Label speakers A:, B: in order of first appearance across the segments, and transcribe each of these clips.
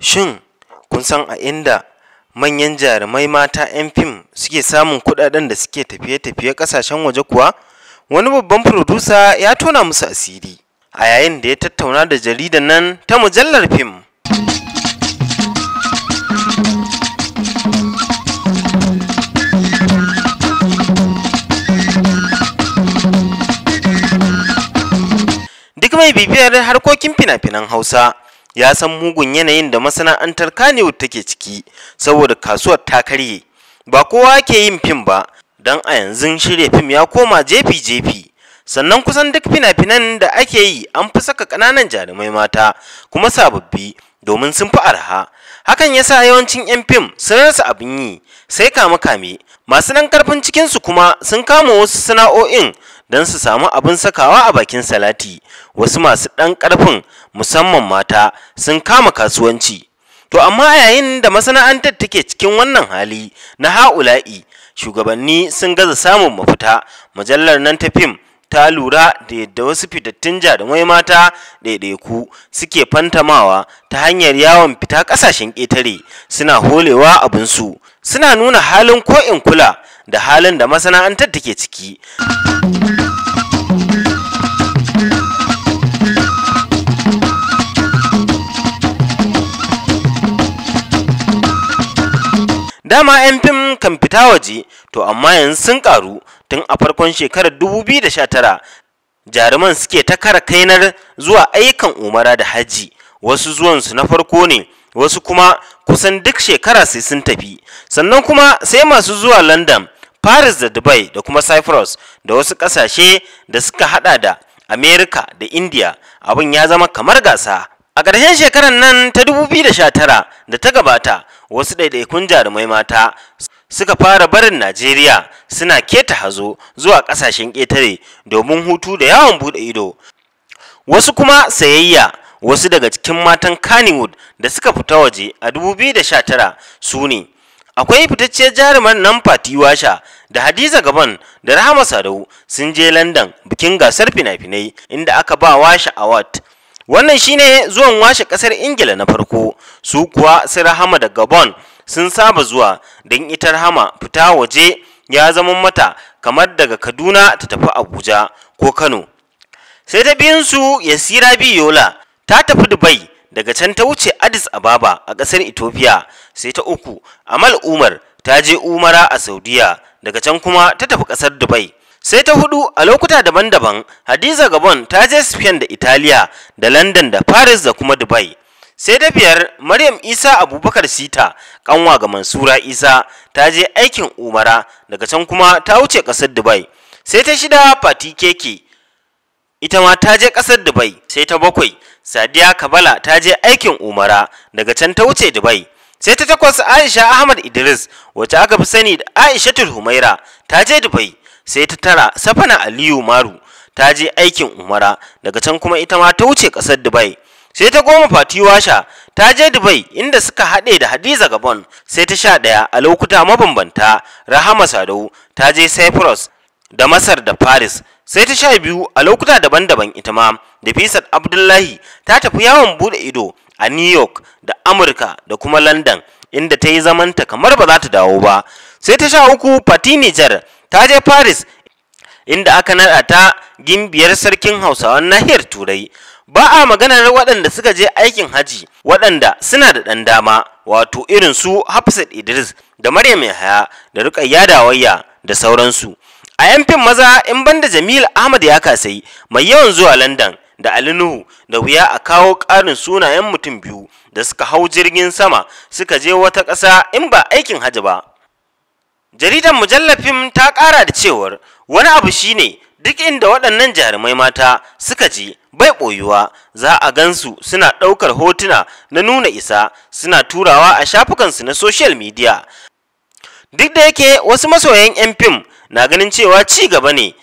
A: Shin kun san a inda manyan jarumai mata 'yan fim suke samun kuɗaɗen da suke tafiye-tafiye ƙasashen waje kuwa? Wani babban furodusa ya tona musu asiri a yayin da ya tattauna da jaridan nan ta mujallar fim. Duk mai bibiyar harkokin fina-finan Hausa ya san mugun yanayin da masana'antar kaniwood take ciki saboda kasuwar ta karye ba kowa ke yin fim ba don a yanzu shirya fim ya koma jefi-jefi sannan kusan duk fina-finan da ake yi an fi saka ƙananan jarumai mata kuma sababbi domin sun fi arha hakan yasa yawancin 'yan fim sun rasa abin yi sai kame-kame masu nan karfin cikinsu kuma sun kama wasu sana'o'in don su samu abin sakawa a bakin salati wasu masu ɗan ƙarfin musamman mata sun kama kasuwanci to amma yayin da masana'antar take cikin wannan hali na ha'ula'i shugabanni sun gaza samun mafita Majallar nan ta fim ta lura da yadda wasu fitattun jarumai mata ɗaiɗaiku suke fantamawa ta hanyar yawon fita ƙasashen ƙetare suna holewa abinsu suna nuna halin ko'in kula da halin da masana'antar take ciki dama 'yan fim kan fita waje to amma yanzu sun ƙaru tun a farkon shekarar 2019 jaruman suke ta kara kainar zuwa ayyukan umara da haji wasu zuwansu na farko ne wasu kuma kusan duk shekara sai sun tafi sannan kuma sai masu zuwa london Paris da Dubai da kuma Cyprus da wasu ƙasashe da suka hada da Amerika da India abin ya zama kamar gasa. A ƙarshen shekarar nan ta 2019 da ta gabata wasu ɗaiɗaikun jarumai mata suka fara barin Najeriya suna keta hazo zuwa ƙasashen ƙetare domin hutu da yawon buɗe ido. Wasu kuma sayayya wasu daga cikin matan Kannywood da suka fita waje a 2019 su ne akwai fitacciyar jarumar nan fati washa da hadiza gaban da rahama sadau sun je london bikin gasar fina-finai inda aka ba washa award wannan shine zuwan washe kasar ingila na farko su kuwa su rahama da gabon sun saba zuwa don ita rahama fita waje ya zama mata kamar daga kaduna ta tafi abuja ko kano sai ta biyunsu yasira biyola ta tafi dubai daga can ta wuce addis ababa a ƙasar ethiopia sai ta uku amal umar ta je umara a saudiya daga can kuma ta tafi ƙasar dubai sai ta hudu a lokuta daban-daban hadiza gabon ta je spain da italiya da london da paris da kuma dubai sai ta biyar maryam isa abubakar sita kanwa ga mansura isa ta je aikin umara daga can kuma ta wuce ƙasar dubai sai ta shida fati keke ita ma ta je ƙasar Dubai sai ta bakwai Sadiya Kabala ta je aikin Umara daga can ta wuce Dubai sai ta takwas Aisha Ahmad Idris wacce aka fi sani da aisha Humaira ta je Dubai sai ta tara Safana Aliyu Maru ta je aikin Umara daga can kuma ita ma ta wuce ƙasar Dubai sai ta goma Fatiwasha ta je Dubai inda suka haɗe da Hadiza Gabon sai ta sha ɗaya a lokuta mabambanta Rahama Sadau ta je Cyprus da Masar da Paris sai ta sha biyu a lokuta daban-daban ita ma da fisat abdullahi ta tafi yawon bude ido a new york da amurka da kuma london inda ta yi zamanta kamar ba za ta dawo ba sai ta sha uku fati nijar ta je paris inda aka naɗa ta gimbiyar sarkin hausawan nahiyar turai ba a maganar waɗanda suka je aikin haji waɗanda suna da ɗan dama wato irin su hafsat idris da maryam yahaya da rukayya dawayya da sauransu a yan fim maza in banda jamil ahmad ya kasai mai yawan zuwa london da alinuhu da wuya a kawo ƙarin sunayen mutum biyu da suka hau jirgin sama suka je wata ƙasa in ba aikin hajji ba jaridar mujallafin ta ƙara da cewar wani abu shine duk inda waɗannan jarumai mata suka ji bai ɓoyuwa za a gansu suna ɗaukar hotuna na nuna isa suna turawa a shafukansu na social media duk da yake wasu masoyan 'yan fim na ganin cewa ci gaba ne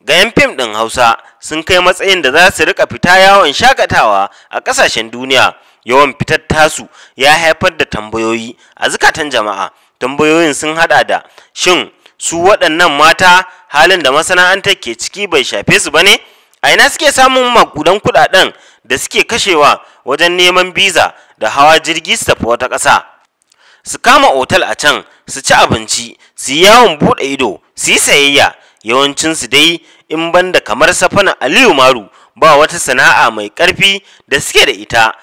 A: ga 'yan fim ɗin hausa sun kai matsayin da za su rika fita yawon shakatawa a ƙasashen duniya yawan fitar tasu ya haifar da tambayoyi a zukatan jama'a tambayoyin sun haɗa da shin su waɗannan mata halin da masana'anta ke ciki bai shafe su ba ne a ina suke samun makudan kuɗaɗen da suke kashewa wajen neman biza da hawa jirgi su tafi wata ƙasa su kama otal a can su ci abinci su yi yawon buɗe ido su yi sayayya yawancinsu dai in banda kamar safana aliyu maru ba wata sana'a mai ƙarfi da suke da ita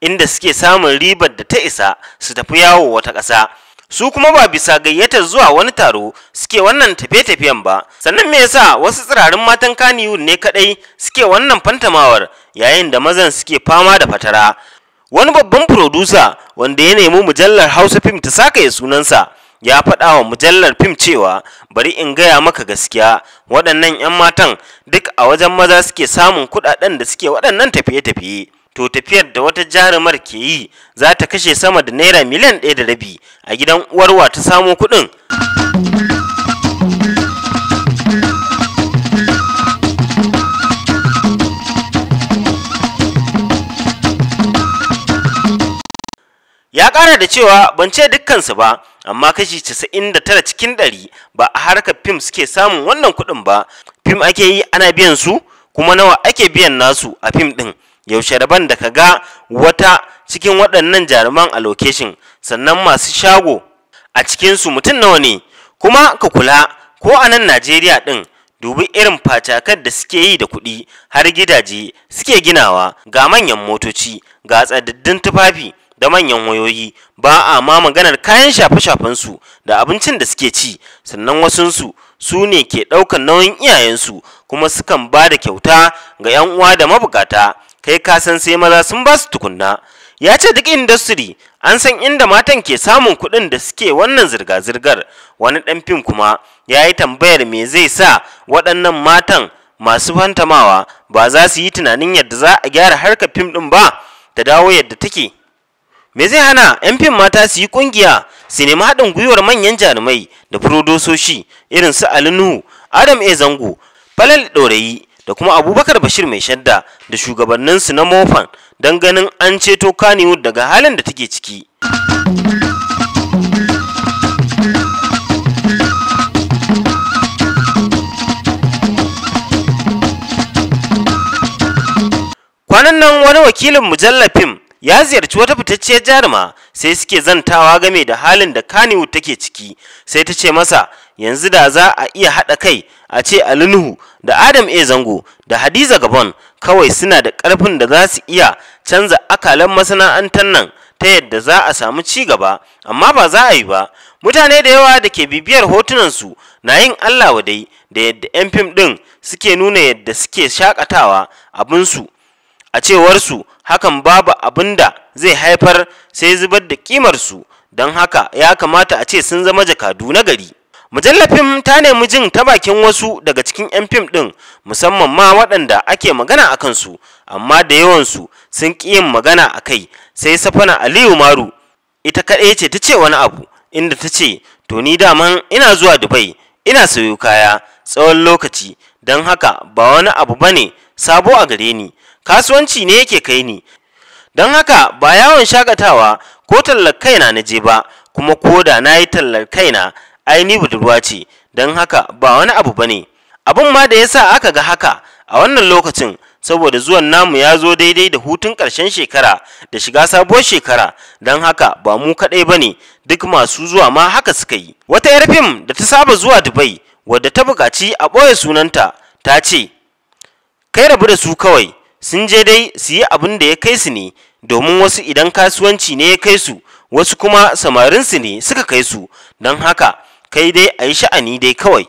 A: inda suke samun ribar da ta isa su tafi yawo wata ƙasa su kuma ba bisa gayyatar zuwa wani taro suke wannan tafiye-tafiyen ba sannan me yasa wasu tsirarin matan kaniyun ne kadai suke wannan fantamawar yayin da mazan suke fama da fatara wani babban furodusa wanda ya nemi mujallar hausa fim ta sakaye sunansa ya faɗa wa mujallar fim cewa bari in gaya maka gaskiya waɗannan 'yan matan duk a wajen maza suke samun kuɗaɗen da suke waɗannan tafiye-tafiye to tafiyar da wata jarumar ke yi za ta kashe sama da naira miliyan ɗaya da rabi a gidan uwarwa ta samo kuɗin ya ƙara da cewa ban ce dukkansu ba amma kashi 99 cikin 100 ba a harkar fim suke samun wannan kuɗin ba fim ake yi ana biyan su kuma nawa ake biyan nasu a fim ɗin yaushe daban da ka ga wata cikin waɗannan jaruman a location sannan masu shago a cikinsu mutum nawa ne kuma ka kula ko a nan najeriya ɗin dubi irin facakar da suke yi da kuɗi har gidaje suke ginawa ga manyan motoci ga tsadaddun tufafi da manyan wayoyi ba a ma maganar kayan shafe-shafensu da abincin da suke ci sannan wasunsu su ne ke ɗaukar nauyin iyayensu kuma sukan ba da kyauta ga 'yan uwa da mabukata kai ka san sai maza sun ba su tukunna ya ce duk industry an san inda matan ke samun kuɗin da suke wannan zirga-zirgar wani ɗan fim kuma ya yi tambayar me zai sa waɗannan matan masu fantamawa ba za su yi tunanin yadda za a gyara harkar fim ɗin ba ta dawo yadda take me zai hana 'yan fim mata su yi ƙungiya su nemi haɗin gwiwar manyan jarumai da furodososhi irin su alinu adam e zango falal ɗorayi da kuma abubakar bashir mai shadda da shugabanninsu na mofan don ganin an ceto kaniwood daga halin da take ciki kwanan nan wani wakilin mujallar fim ya ziyarci wata fitacciyar jaruma sai suke zantawa game da halin da Kannywood take ciki sai ta ce masa yanzu da za a iya hada kai a ce Alinuhu da Adam A Zango da Hadiza Gabon kawai suna da karfin da za su iya canza akalan masana'antar nan ta yadda za a samu ci gaba amma ba za a yi ba mutane da yawa da ke bibiyar hotunan su na yin Allah dai da yadda 'yan fim din suke nuna yadda suke shakatawa abinsu a cewarsu hakan babu abin da zai haifar sai zubar da ƙimarsu don haka ya kamata a ce sun zama jakadu na gari mujallafin ta nemi jin ta bakin wasu daga cikin 'yan fim ɗin musamman ma waɗanda ake magana a kansu amma da yawansu sun ƙi yin magana a kai sai safana aliyu maru ita kaɗai ce ta ce wani abu inda ta ce to ni dama ina zuwa dubai ina sayo kaya tsawon lokaci don haka ba wani abu ba ne sabo a gare ni kasuwanci ne yake kai ni don haka ba yawon shakatawa ko tallar kaina na je ba kuma ko da na yi tallar kaina ai ni budurwa ce don haka ba wani abu ba ne abin ma da ya sa aka ga haka a wannan lokacin saboda zuwan namu ya zo daidai da hutun ƙarshen shekara da shiga sabuwar shekara don haka ba mu kaɗai ba ne duk masu zuwa ma haka suka yi wata yar fim da ta saba zuwa dubai wadda ta buƙaci a ɓoye sunanta ta ce kai rabu da su kawai sun je dai su yi abin da ya kai su ne domin wasu idan kasuwanci ne ya kai su wasu kuma samarinsu ne suka kai su don haka kai dai a yi sha'ani dai kawai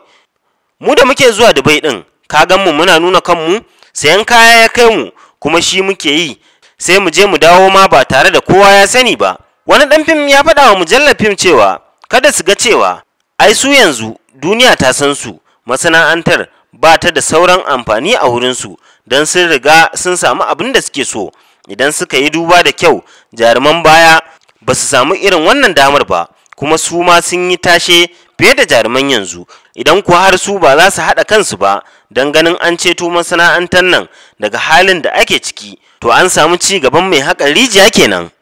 A: mu da muke zuwa dubai ɗin ka gan mu muna nuna kanmu sayan kaya ya kai mu kuma shi muke yi sai mu je mu dawo ma ba tare da kowa ya sani ba wani ɗan fim ya faɗa wa mujallar fim cewa kada su ga cewa ai su yanzu duniya ta san su masana'antar ba ta da sauran amfani a wurinsu don sun riga sun samu abin da suke so idan suka yi duba da kyau jaruman baya ba su samu irin wannan damar ba kuma su ma sun yi tashe fiye da jaruman yanzu idan kuwa har su ba za su haɗa kansu ba don ganin an ceto masana'antar nan daga halin da ake ciki to an samu ci gaban mai haƙa rijiya kenan